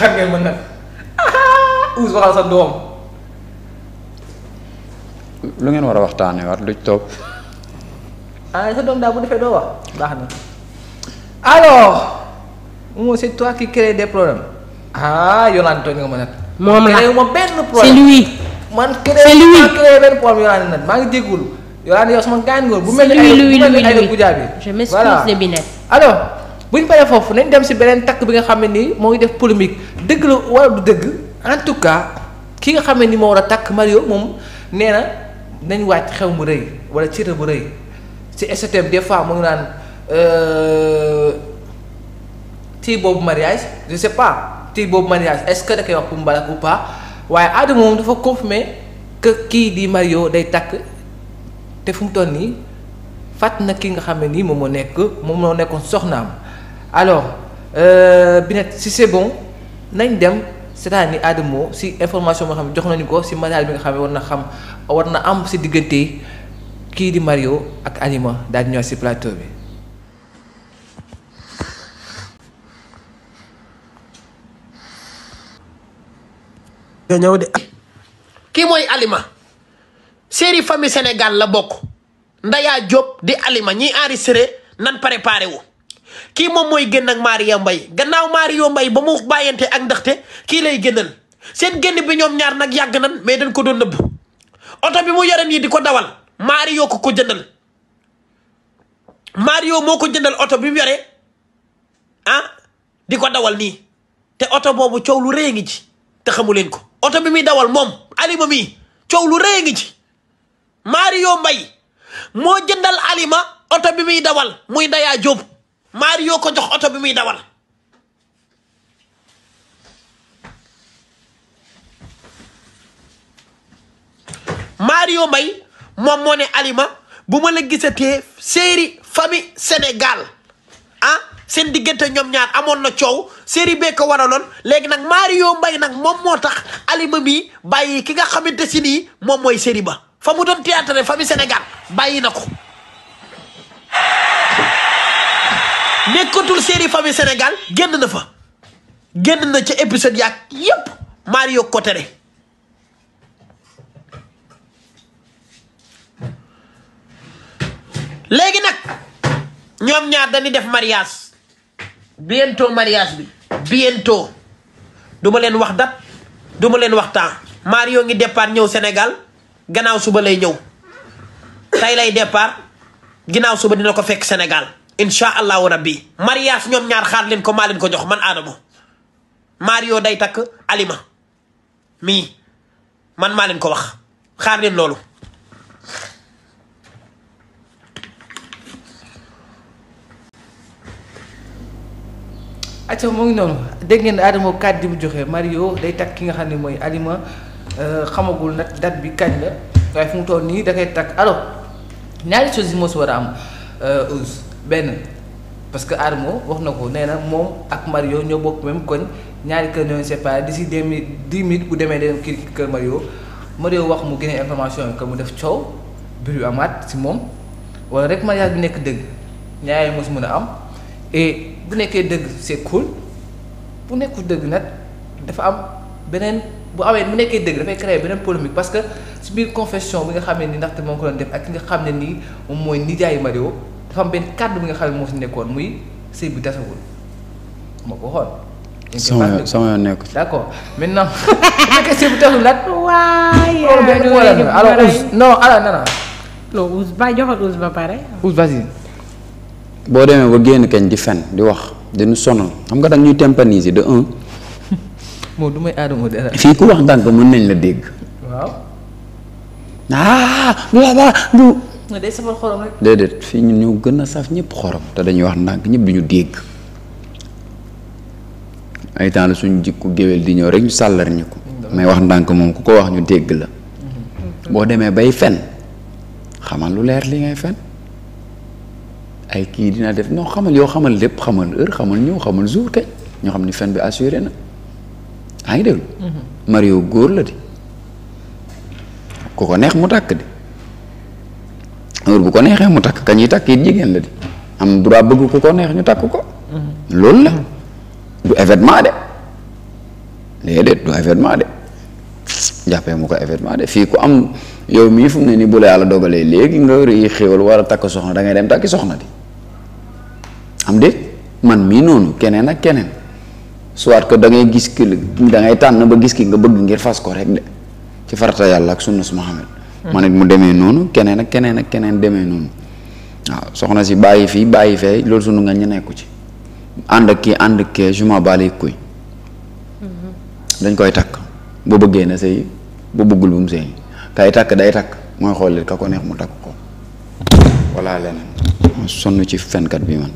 xam ngeen mën nag uus waxal sa doom lu ngeen war a waxtaan waxtaanee waat lu topp ah sa doom daal bu defee doo wax baax na alors moom c'est toi qui crée des problèmes ah Yolande tooñ nga ma nag. moom la créé ma benn problème c'est lui. man créé ma créé benn problème Yolande nag maa ngi jégalu Yolande yow sama gaañ ngoon bu mel ni ay bu mel ni ay gudjaa bi. je m'excuse de Binette alors. bu ñu paree foofu nañ dem si beneen takk bi nga xam ne nii moo ngi def polémique dëgg la wala du dëgg en tout cas ki nga xam ne ni moo war a takk Mario moom nee na nañ wàcc xew mu rëy wala cër bu rëy si STM des fois mu ngi naan euh, tii boobu mariage je sais tii boobu mariage est-ce que da koy wax pour mbalak ou pas dafa confirmer kii di Mario day takk te fu mu toll nii fàtt na ki nga xam ne nii moom moo nekk moom moo nekkoon soxnaam. alors euh, Binet si c'est nañ dem c'est-à-dire Adamo si information boo xam ne jox nañu ko si mariage bi nga xam ne war na xam war na am si diggante kii di Mario ak Alima daal di ñëw si plateau bi. nga mooy Alima série famille Sénégal la bokk Ndaya Diop di Alima ñiy enregistré nan préparé wu. kii moom mooy génn maariyo mbay Mbaye gannaaw Mario Mbaye ba mu bàyyante ak ndaxte kii lay génnal seen génn bi ñoom ñaar nag yàgg nan mais dañ ko doon nëbb oto bi mu yore nii di ko dawal Mario ko ko jëndal Mario moo ko jëndal oto bi mu yore ah, di ko dawal nii te oto boobu coow lu rëy ngi ci te leen ko oto bi muy dawal moom alima mii coow lu rëy ngi ci Mario mbay moo jëndal alima oto bi muy dawal muy daya jóob Mario ko jox oto bi muy dawal Mario Mbaye moom moo ne Alima bu ma la gisatee série famille Sénégal ah seen diggante ñoom ñaar amoon na coow série bee ko waraloon léegi nag Mario mbay nag moom moo tax Alima bi bàyyi ki nga xamante si nii moom mooy série ba fa mu doon théâtre famille Sénégal bàyyi na ko. nekkatul série famille Sénégal génn na fa génn na ca épisode yaag yépp Mario Cotere léegi nag ñoom ñaar dañuy def mariage bientôt mariage bi bientôt du ma leen wax date duma leen wax temps Mario ngi départ ñëw Sénégal gannaaw suba lay ñëw tey lay départ ginnaaw suba dina ko fekk Sénégal incha allahu rabbi mariage ñoom ñaar xaar leen ko maa leen ko jox man Adamo Mario day takk Alima mii man maa leen ko wax xaar leen loolu acca moo ngi noonu dégg ngeen Adamo kàddu bu joxe Mario day takk ki nga xam ne mooy Alima euh, xamagul nag date bi kañ la waaye fu mu toll nii dangay takk alors ñaari choses moo si war a am euh, benn parce que Adamo wax na ko nee na moom ak Mario ñoo bokk même kon ñaari kër ñoo séparé di deux minutes dix minutes bu demee dem kii kër Mario Mario wax mu génne information yi que mu def coow mbir yu amaat si moom wala rek mariage bi nekk dëgg ñaari mos mën a am bu nekkee dëgg c'est cool bu nekkul dëgg nag dafa am beneen bu amee bu nekkee dëgg dafay créer beneen polémique parce que si biir confession bi nga xam ne ni ndaxte moo ngi ko doon def ak ki nga xam ne nii moom mooy nijaayu Mario dafa am benn kàddu bi nga xam nekkoon muy sëy bi tasawul moo ko xool. sama sama yoon nekk ci. d' accord maintenant bu fekkee sëy bu tasawul laaj. waaye ba joxal ba pare. Ouz vas boo demee ba génn kañ di fen di wax dañu sonal xam nga dañ ñuy tympaniser de un. moom du may aadama fii ku wax ndànk mën nañ la dégg. waaw. ah. nga day safal xorom rek. déedéet fii ñun gën a saf ñëpp xorom te dañuy wax ndànk ñëpp duñu ñu dégg ay suñu jikku géwél di ñëw rek ñu sàllar ko. may wax ndànk moom ku ko wax ñu dégg la. boo demee bay fen xamal lu leer li ngay fen ay kii dina def non xamal yoo xamal lépp xamal heure xamal ñëw xamal jour ñoo xam ni fen bi assuré na maa ngi déglu. Mhm. Mario góor la di. ku ko neex mu tàkk di. heure bu ko neexee mu takk ka ñuy takk it jigéen la di am droit bëgg ku ko neex ñu takk ko loolu la du événement de déedéet du événement de jàppee mu ko événement de fii ku am yow mii fu mu ne nii bu la yàlla dogalee léegi nga rëy xéwal war a takk soxna da dem takki soxna di am déet man mii noonu keneen ak keneen soit que da gis ki da tànn ba gis ki nga bëgg ngir fas ko rek de ci farata yàlla ak sunna su Muhammad man it mu demee noonu keneen ak keneen ak keneen demee noonu waaw soxna si bàyyi fii bàyyi fee loolu sunu nga ñu nekku ci ànd ak kii ànd ak kee je m'en bats dañ koy takk bu bëggee na sëy bu bëggul bu mu sëy kay takk day takk mooy xool leen ka ko neex mu takk ko walla leneen sonn ci fenkat bi man.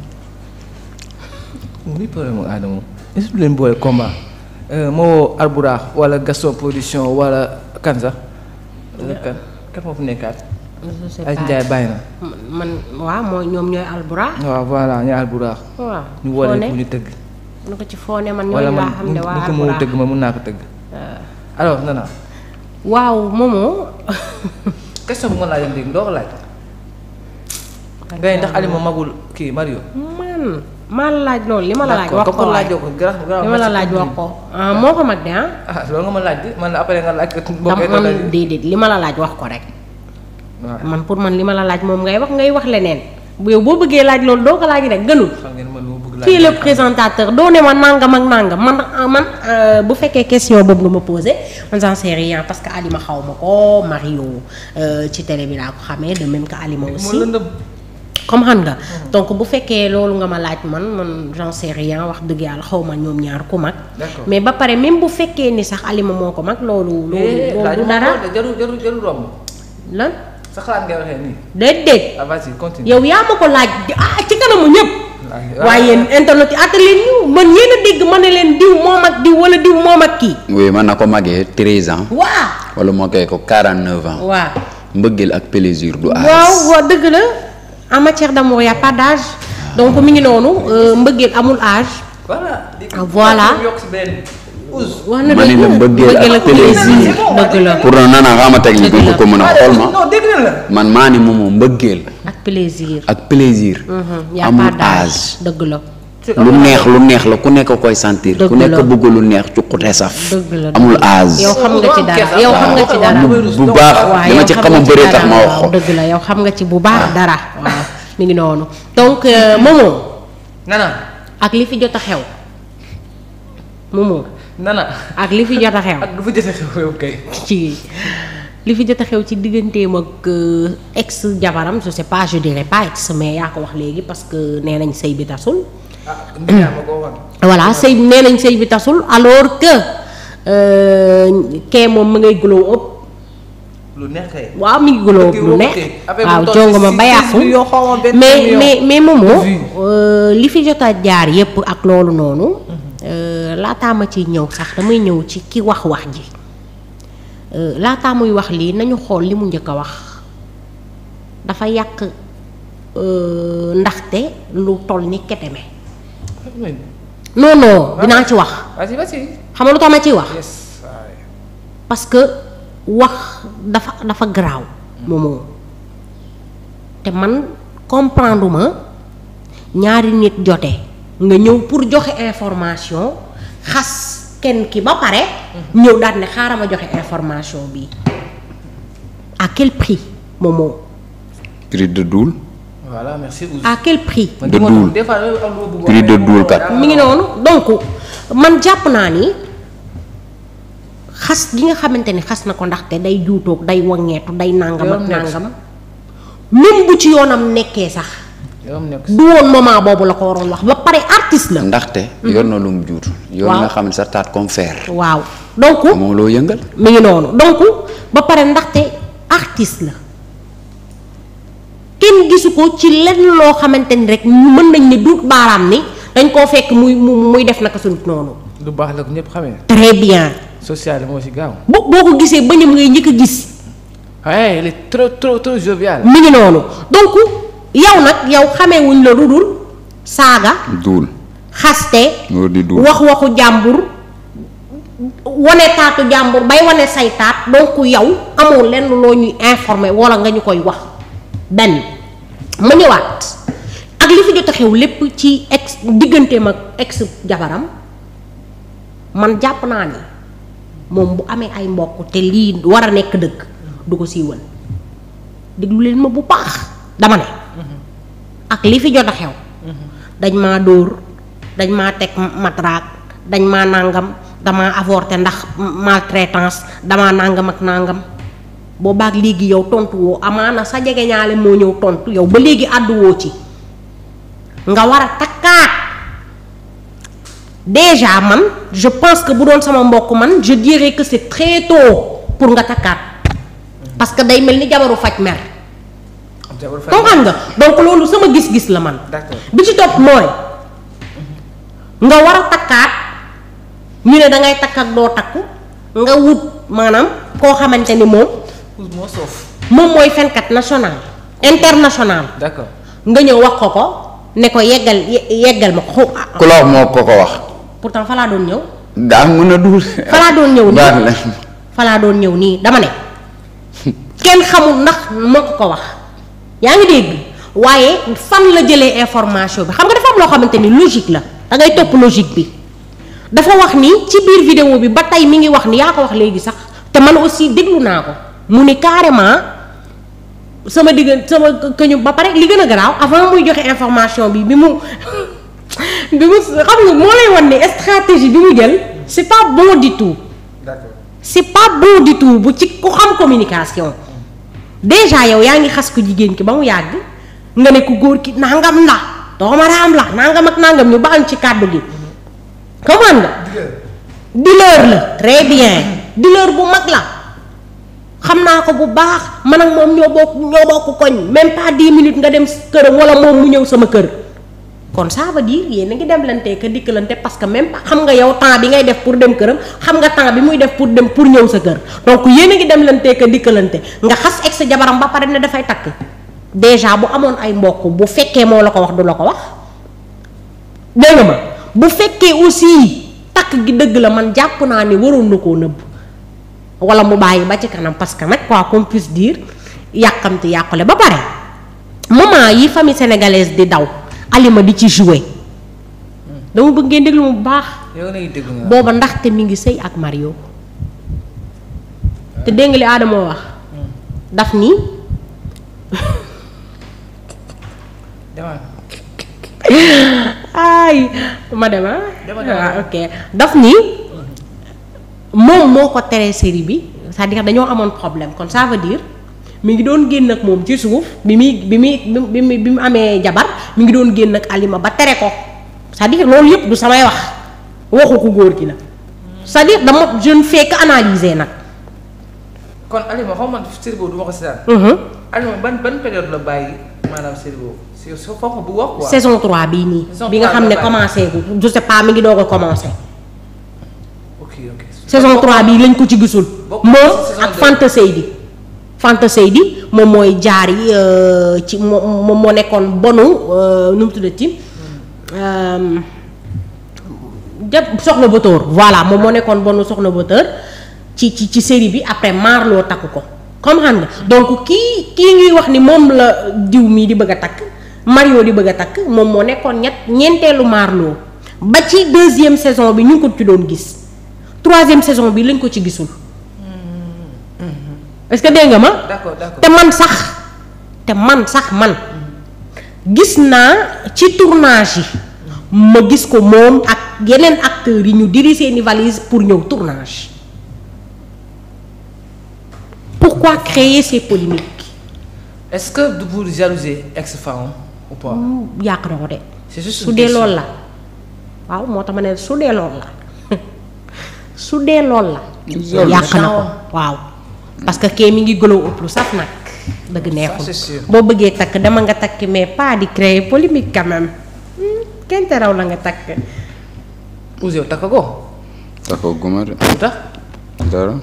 muy problème euh, moo Albourakh wala Gaston Production wala kan sax. Euh, kan moo fi nekkaat. je sais pas bàyyi na. man waa mooy ñoom ñooy alburax. waaw voilà ñooy alburax. waaw ñu woolee pour ñu tëgg. nu ko ci foone man ñooñu laa xam ne waa alburax tëgg ma mun naa ko tëgg. Euh. alors Nana. waaw Momo. question bu ma laajoon léegi doo ko laaj. ndax Alima magul kii Mario. maa la laaj lool li ma la laaj. wax ko waay ko li ma la laaj wax ko ah, moo ko mag de ah. ah loolu nga ma laaj man après nga laaj man déedéet li ma la laaj wax ko rek. man pour man li ma la laaj moom ngay wax ngay wax leneen. bu yow boo bëggee laaj loolu doo ko laaj rek gënul. kii la présentateur doo ne ma nangam ak nangam man ah, man euh, bu fekkee question boobu nga ma posé man j'en parce que Alima xaw ma ko Mario euh, ci télé bi laa ko xamee de même que Alima aussi. comme xam nga. Mm-hmm. donc bu fekkee loolu nga ma laaj man man j'en sais rien wax dëgg yàlla xaw ma ñoom ñaar ku mag. mais ba pare même bu fekkee ni sax Alima moo ko mag loolu. Eh, dara jarul jarul jarul romb. lan. sa xalaat ngay waxee nii. déedéet. Ah, yow yaa ko laaj ah, ci kanamu ñëpp. Ah. waaye man yéen ma ne leen diw moom wala diw moom ak kii. oui man na ko magee treize ans. wala moo ko quarante neuf ans. waaw ak plaisir dëgg la. en matière d'amour y d'âge donc mi ngi noonu euh, mbëggeel amul âge. voilà wax na dëgg la mbëggeel ak plaisir ah, dëgg la pour nana xama technique bi ko mën a xool ma ah, man maa ni moom mbëggeel ak plaisir ak plaisir mhm. amul âge dëgg la lu neex lu neex la ku nekk koy sentir. ku nekk bëgg lu neex cuqute saf. amul aaz. yow yow xam nga ci dara bu baax dama ci yow xam nga ci bu baax dara. waaw mi ngi noonu donc euh, Momo. nana ak li fi jot a xew. Momo. ak li fi jot a xew. ak du fi xew kay. ci fi jot a xew ci digganteem ak euh, ex jabaram je sais pas je dirais pas ex mais yaa ko wax léegi parce que nee nañ sëy bi voilà sëy nee nañ sëy bi tasul alors que euh, kee moom ma ngay glow up lu waaw mi ngi glow up lu neex waaw jongo ba yàqu mais mais moomoo euh, li fi jot a jaar yépp ak loolu noonu mhm. euh, laataa ma ciy ñëw sax damay ñëw ci ki wax wax ji laataa muy wax lii nañu xool li mu njëkk a wax dafa yàq ndaxte lu toll ni keteme non non dinaa ci wax. vas-y xam nga lu tax ma ciy wax. parce que wax dafa dafa garaaw. moomoo mm. te man comprendre ma ñaari nit jote nga ñëw pour joxe information xas kenn ki ba pare. Mm-hmm. ñëw daal ne xaaral ma joxe information bi à quel prix moomoo. prix de voilà merci à quel prix. de duul prix de duul mi ngi noonu donc man jàpp naa ni xas gi nga xamante ni xas na ko ndaxte day juutoog day waŋeetu day nàngam ak nàngam. même ci yoonam nekkee sax. du woon moment boobu la ko waroon wax ba pare artiste la. ndaxte. Mhm. yoon na lu mu juutu. yor na xam ne sa taat comme fer. waaw donc moom loo yëngal. mi ngi noonu donc ba pare ndaxte artiste la. kenn gisu ko ci lenn loo xamante ni rek mën nañ ni duut baaraam ni dañ koo fekk muy muy def naka sulut noonu. lu baax la ko ñëpp xamee. très bien. social moo ci gaaw. boo boo ko gisee bañam ngay njëkk gis. waaye il est trop trop trop jovial. mi ngi noonu donc yow nag yow xamee la lu dul saaga. duul xaste. wax waxu jàmbur. wane taatu jàmbur bay wane say taat donc yow amoo lenn loo ñuy informé walla nga ñu koy wax. benn ma ñëwaat ak li fi jot a xew lépp ci ex digganteem ak ex jabaram man jàpp naa ni moom bu amee ay mbokk te lii war a nekk dëkk du ko siiwal déglu leen ma bu baax dama ne ak li fi jot a xew dañ maa dóor dañ maa teg matraak dañ maa nàngam damaa avorté ndax maltraitance damaa nàngam ak nàngam boobaak léegi yow tontu woo amaana sa jegeñaale moo ñëw tontu yow ba léegi àdduwoo ci nga war a takkaat déjà man je pense que bu doon sama mbokk man je dirais que c'est très tôt pour nga takkaat parce que day mel ni jabaru faj mer comprendre nga donc loolu sama gis-gis la man bi ci topp mooy nga war a takkaat ñu ne dangay takk ak doo takk nga wut maanaam koo xamante ni moom moo soof. moom mooy fenkat national international. d'accord nga ñëw wax ko ko ne ko yeggal yeggal ma ko. ku la wax moo ko ko wax. pourtant fa laa doon ñëw. daa mën a dugg. fa laa doon ñëw nii fa laa doon ñëw nii dama ne kenn xamul ndax moo ko ko wax yaa ngi dégg waaye fan la jëlee information bi xam nga dafa am loo xamante ni logique la da ngay topp logique bi dafa wax ni ci biir vidéo bi ba tey mi ngi wax ni yaa ko wax léegi sax te man aussi déglu naa ko. mu ni carrément sama diggan sama këñu ba pare li gën a garaaw avant muy joxe information bi bi mu bi mu xam nga moo lay wan ne stratégie bi mu jël c'est pas bon du tout. d'accord c'est pas bon du bu ci ku xam communication déjà yow yaa ngi xas ko jigéen ki ba mu yàgg nga ne ku góor ki nangam la doomaraam la nangam ak nangam ñu baal ci kàddu gi mm-hmm. comment nga. di la très bien mm-hmm. di leur bu mag la. xam naa ko bu baax man nag moom ñoo bokk ñoo bokk koñ même pas dix minutes nga dem këram wala moom mu ñëw sama kër kon ça di dire yéen a ngi dem lante ka dikkalante parce que même xam nga yow temps bi ngay def pour dem këram xam nga temps bi muy def pour dem pour ñëw sa kër donc yéen a ngi dem lante ka dikkalante nga xas egg sa jabaram ba pare ne dafay takk déjà bu amoon ay mbokk bu fekkee moo la ko wax du la ko wax dégg nga ma bu fekkee aussi takk gi dëgg la man jàpp naa ne waroon na koo nëbb wala mu bàyyi ba ci kanam parce que nag waa qu'on puisse dire yàqamti yàqule ba pare moment yi famille sénégalaise di daw alima di ci jouer dama bëgg ngeen déglu mu baax. booba ndaxte mi ngi sëy ak Mario. te dégg nga li Adama wax. daf ni. ay ma dem ah. Ah, daf ni. moom moo ko teree série bi cest à dañoo amoon problème kon ça veut dire mi ngi doon génn ak moom ci suuf bi muy bi muy bi bi mu amee jabar mi ngi doon génn ak Alima ba tere ko c'est-à-dire loolu yëpp du samay wax waxu ko góor gi la c'est-à-dire dama je ne fais nag. kon Alima xaw ma série boobu du ma ko seetaan. Mhm. Alima ban ban période la bàyyi maanaam série boobu si foofu bu wax quoi. saison 3 bii nii. bi nga xam ne commencé gu je pas mi ngi doog ko commencé. saison 3 bi lañ ko ci gisul. moom ak Fanta Seydi Fanta Seydi moom mooy jaar yi euh, ci moom moo nekkoon bonu euh, nu mu tuddati. Hmm. Euh, jë soxna Bator voilà moom moo nekkoon bonu soxna Bator ci ci ci série bi après Marlo takk ko comme xam nga donc kii kii ñuy wax ni moom la diw mii di bëgg a takk Mario di bëgg a takk moom moo nekkoon ñett ñeenteelu Marlo ba ci deuxième saison bi ñu ngi ko ci doon gis. troisième saison bi lañ ko ci gisul. est-ce que dégg nga ma. d'accord d'accord te man sax te man sax man gis naa ci tournage yi ma gis ko moom ak yeneen acteurs yi ñu diri seeni valise pour ñëw tournage pourquoi créer ces polémiques. est-ce que du ou pas. yàq na ko de. su dee loolu la waaw moo tax ma ne su dee loolu la. su dee lool la. yàq na ko ah. waaw. parce que kee mi ngi gëloo ëpp lu saf nag. dëgg neexul boo bëggee takk dama nga takk mais pas di créer polémique quand même hmm, kenn te raw la nga takk. Ousse yow takkagoo. takkagu ma de. tax dara.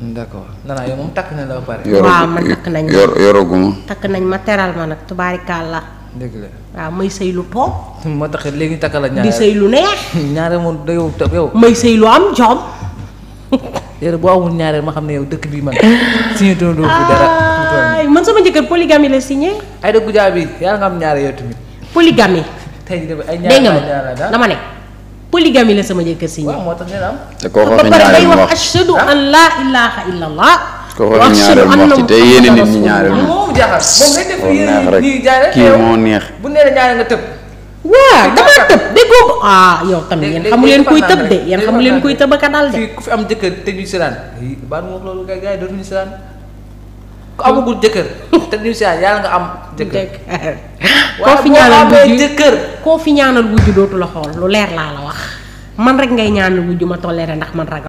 d'accord na la ba pare. waaw man takk nañ ma teral ma nag tubaarikàlla dëgg la waaw may sëy lu po. moo tax léegi takka la ñaareel di sëy lu neex. ñaareel moom da yow yow. may sëy lu am jom. yéen boo amul ñaareel ma xam ne yow dëkk bi man signé doo fi dara. ay man sama jëkkër polygamie la signé. ay dëgg jaabi yàlla nga am ñaareel yow tamit. polygamie. tey jii ay ah. ne. polygamie la sama jëkkër si waaw moo tax nee na ne ñaareel wax ba pare day wax ashhadu an laa ilaaha illallah. ko war a ñaareel neex bu nee la ñaareel nga tëb. waaw damaa tëb déggoo ko ah yow leen kuy tëb de yéen leen kuy tëb ak a fi am jëkkër te ñu siraan baal ma te ñu siraan yàlla nga am jëkkër. koo fi ñaanal wujju jëkkër koo fi dootu la xool lu leer laa la wax man rek ngay ñaanal wujju ma toléré ndax man ragal